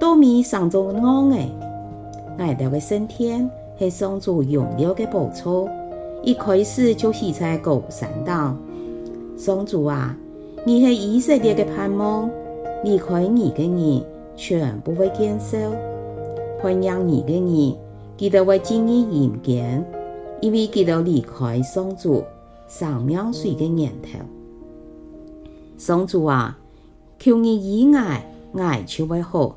都米上主安誒！愛到個生天是上主榮耀的寶座。一開始就是在高山道。上主啊，你是以色列嘅盼望。離開你嘅人全部會減少。歡迎你嘅人，記得會經歷嚴警，因為記得離開上主生命水嘅源頭。上主啊，求你以愛哀就會好。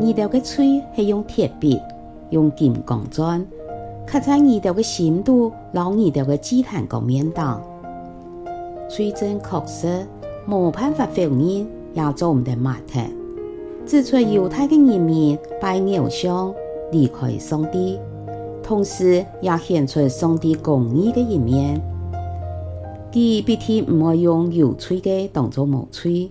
你的個吹是用鐵筆，用金剛鑽刻在你的個深度，讓你的個雞感更面當。吹真確實冇辦法否認，也做唔到馬特指出猶太的一面拜偶像，離開上帝，同時也顯出上帝公義的一面。佢必定唔會用有嘴的當做冇嘴。